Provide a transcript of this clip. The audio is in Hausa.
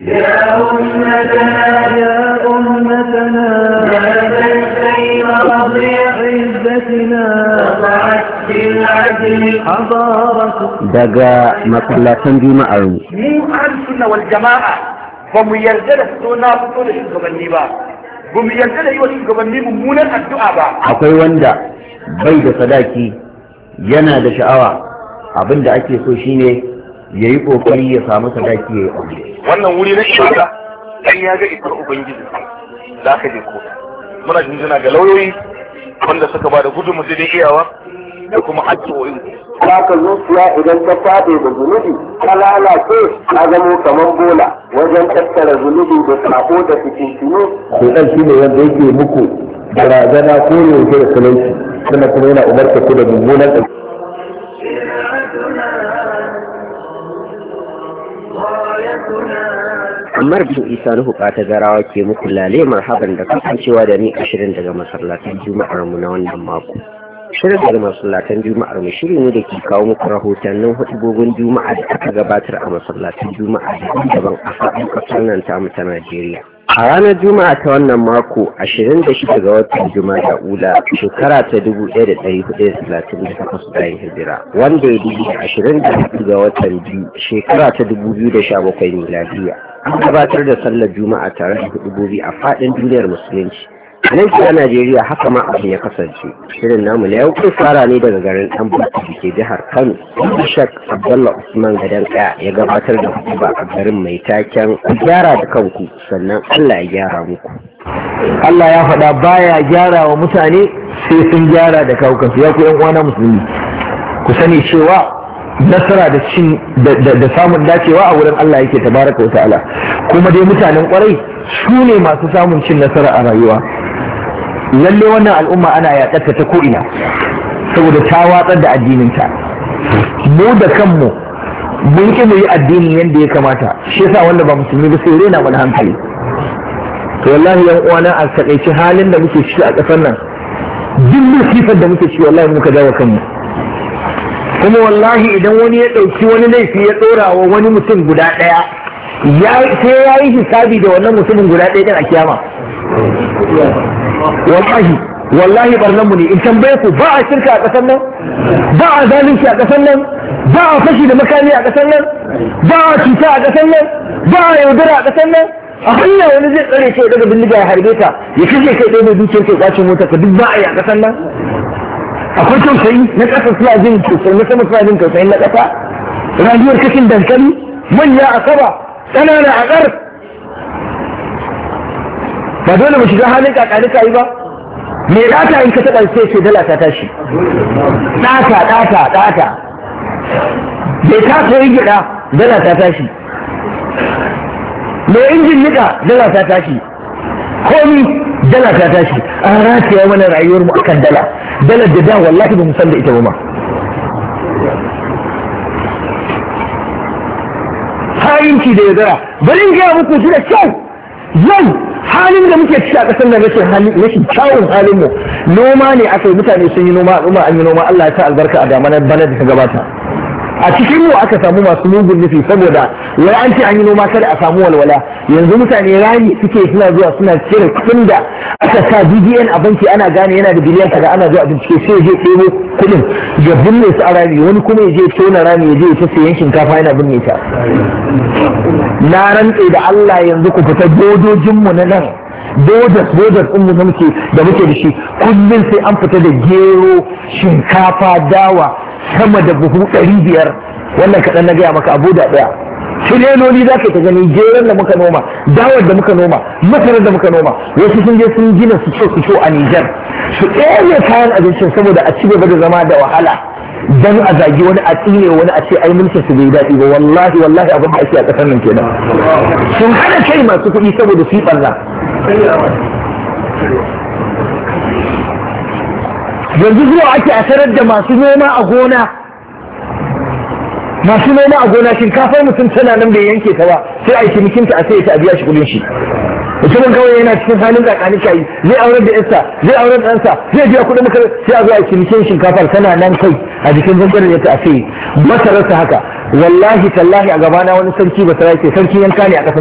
يا أمتنا يا أمتنا نادت عزتنا وضعت حضارة مو أهل السنة والجماعة فمو يلزل السنة بطول شنك با bamu يلزل da yi wa shugabanni mummunan addu'a ba akwai wanda bai da sadaki yana da sha'awa ya yi ƙoƙari ya samu sadaki ya yi aure wannan wuri na ibada an ya ga isar ubangiji za ka je kotu muna jinjina ga lauyoyi wanda suka ba da gudun sai iyawa da kuma addu'o'in za ka zuciya idan ta faɗi da zunubi ta lalace ta zamo kamar bola wajen tattara zunubi da sako da fitintinu shedan shi ne wanda yake muku barazana ko yaushe da talauci sannan kuma yana umarta ku da mummunan ɗan Ammar bin Isa Nuhu ta garawa ke muku lale marhaban da kasancewa da ni ashirin daga masallatan Juma'ar mu na wannan mako. Shirin daga masallatan Juma'ar mu shiri ne da ke kawo muku rahoton nan rahotannin gogon Juma'a da aka gabatar a masallatan Juma'a daban-daban a faɗin ƙasar nan tamu ta Najeriya. A ranar Juma'a ta wannan mako 26 ga watan Juma'a ula shekara ta 1438 bayan hijira wanda ya dubu 26 ga watan biyu shekara ta 2017 miladiya. An gabatar da sallar Juma'a tare da hudubobi a fadin duniyar Musulunci. a nan a najeriya haka ma abin ya kasance shirin namu na yau kun fara ne daga garin ɗan bata da ke jihar kano shak abdullah usman gadan ɗaya ya gabatar da hutuba a garin mai taken gyara da kanku sannan allah ya gyara muku Allah ya faɗa baya gyara wa mutane sai sun gyara da kansu ya ku yan uwana musulmi ku sani cewa nasara da cin da samun dacewa a wurin Allah yake tabaraka wa ta'ala kuma dai mutanen kwarai su ne masu samun cin nasara a rayuwa lalle wannan al'umma ana yaƙarta ta ko'ina saboda ta watsar da addininta mu da kanmu mun ki mu yi addini yadda ya kamata shi yasa wanda ba musulmi ba sai rena mana hankali to wallahi yan uwana a takaici halin da muke ciki a ƙasar nan duk musifar da muke ciki wallahi muka dawo kanmu kuma wallahi idan wani ya ɗauki wani laifi ya tsorawa wani mutum guda ɗaya sai ya yi hisabi da wannan mutumin guda ɗaya din a kiyama wallahi wallahi barnan mu ne in tambaye ku ba a shirka a ƙasar nan ba a zalunci a ƙasar nan ba a fashi da makami a ƙasar nan ba a cuta a ƙasar nan ba a yaudara a ƙasar nan a hanya wani zai tsare ce daga bindiga ya harbe ta ya kashe kai ɗaya mai dukiyar kai kwacin mota ka duk ba a yi a ƙasar nan akwai tausayi na ƙasa suna jin tausayi na sama suna jin tausayin na ƙasa rayuwar kashin dankali manya a saba ƙanana a ƙar ba dole mu shiga halin kakanika yi ba me data in ka taɓa sai ce dala ta tashi data data data ka ta yi gida dala ta tashi mai injin nika dala ta tashi komi dala ta tashi an rataya mana rayuwar mu akan dala dala da da wallahi ba mu san da ita ba ma hayinci da ya zara bari in gaya muku shi da kyau yau halin da muke ciki a ƙasar nan rashin hali rashin kyawun halin mu noma ne aka yi mutane sun yi noma al'umma an yi noma Allah ya sa albarka a damanar bana da ta gabata a cikin mu aka samu masu mugun nufi saboda wai an ce an yi noma kada a samu walwala yanzu mutane rani suke suna zuwa suna cire kuɗin da aka sa BDN a banki ana gane yana da biliyan kaza ana zuwa bincike sai je ɗebo kuɗin ya binne su a rami wani kuma ya je tona rami ya je ya ta sayan shinkafa yana binne ta na rantse da Allah yanzu ku fita mu na nan bodas bodas din mu muke da muke da shi kullum sai an fita da gero shinkafa dawa sama da buhu ɗari biyar wannan kaɗan na gaya maka abu da ɗaya shiryanoli za ka ta gani jeran da muka noma dawar da muka noma masarar da muka noma wasu sun je sun gina su so su so a nijar su ɗaya kayan abincin saboda a ci gaba da zama da wahala dan a zagi wani a tsine wani a ce ai mulkin su bai daɗi ba wallahi wallahi abin da ake a ƙasar nan kenan sun hana kai masu kuɗi saboda su yi ɓarna yanzu zuwa ake a tarar da masu noma a gona masu noma a gona shinkafar mutum tana nan bai yanke ta ba sai a yi cinikinta a sai ta a biya shi kudin shi mutumin kawai yana cikin halin kakani kayi zai aurar da yarsa zai aurar ɗansa zai biya kuɗin maka sai a zo a cinikin shinkafar tana nan kai a jikin zangarar yadda a sai masararsa haka wallahi tallahi a gabana wani sarki ba sarki sarki yanka ne a ƙasar